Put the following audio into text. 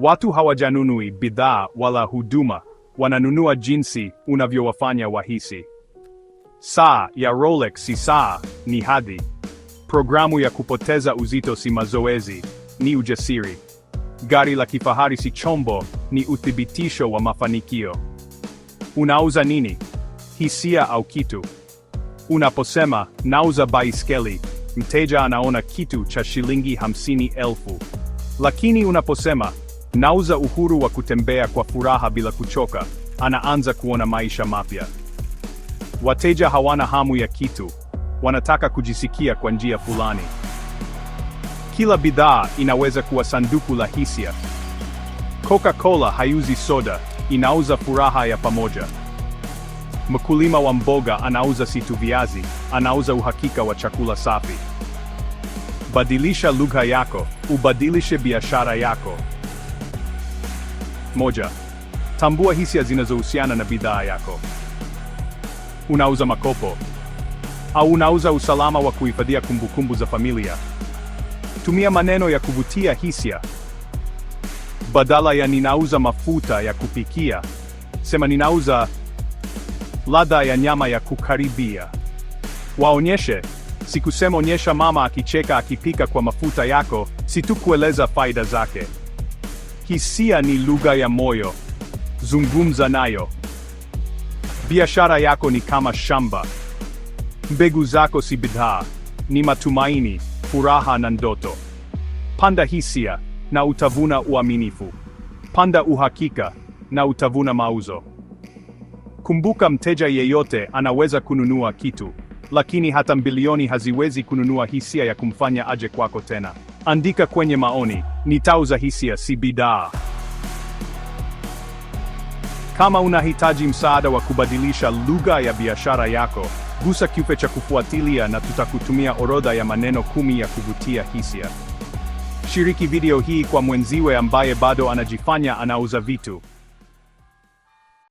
Watu hawajanunui bidhaa wala huduma, wananunua jinsi unavyowafanya wahisi. Saa ya Rolex si saa, ni hadhi. Programu ya kupoteza uzito si mazoezi, ni ujasiri. Gari la kifahari si chombo, ni uthibitisho wa mafanikio. Unauza nini? Hisia au kitu? Unaposema nauza baiskeli, mteja anaona kitu cha shilingi hamsini elfu. Lakini unaposema Nauza uhuru wa kutembea kwa furaha bila kuchoka. Anaanza kuona maisha mapya. Wateja hawana hamu ya kitu, wanataka kujisikia kwa njia fulani. Kila bidhaa inaweza kuwa sanduku la hisia. Coca-Cola haiuzi soda, inauza furaha ya pamoja. Mkulima wa mboga anauza si tu viazi, anauza uhakika wa chakula safi. Badilisha lugha yako, ubadilishe biashara yako. Moja, tambua hisia zinazohusiana na bidhaa yako. Unauza makopo au unauza usalama wa kuhifadhia kumbukumbu za familia? Tumia maneno ya kuvutia hisia. Badala ya ninauza mafuta ya kupikia, sema ninauza ladha ya nyama ya kukaribia. Waonyeshe sikusema onyesha mama akicheka akipika kwa mafuta yako, si tu kueleza faida zake. Hisia ni lugha ya moyo, zungumza nayo. Biashara yako ni kama shamba, mbegu zako si bidhaa, ni matumaini, furaha na ndoto. Panda hisia na utavuna uaminifu, panda uhakika na utavuna mauzo. Kumbuka, mteja yeyote anaweza kununua kitu, lakini hata bilioni haziwezi kununua hisia ya kumfanya aje kwako tena. Andika kwenye maoni ni tau za hisia, si bidhaa. Kama unahitaji msaada wa kubadilisha lugha ya biashara yako, gusa kiupe cha kufuatilia na tutakutumia orodha ya maneno kumi ya kuvutia hisia. Shiriki video hii kwa mwenziwe ambaye bado anajifanya anauza vitu.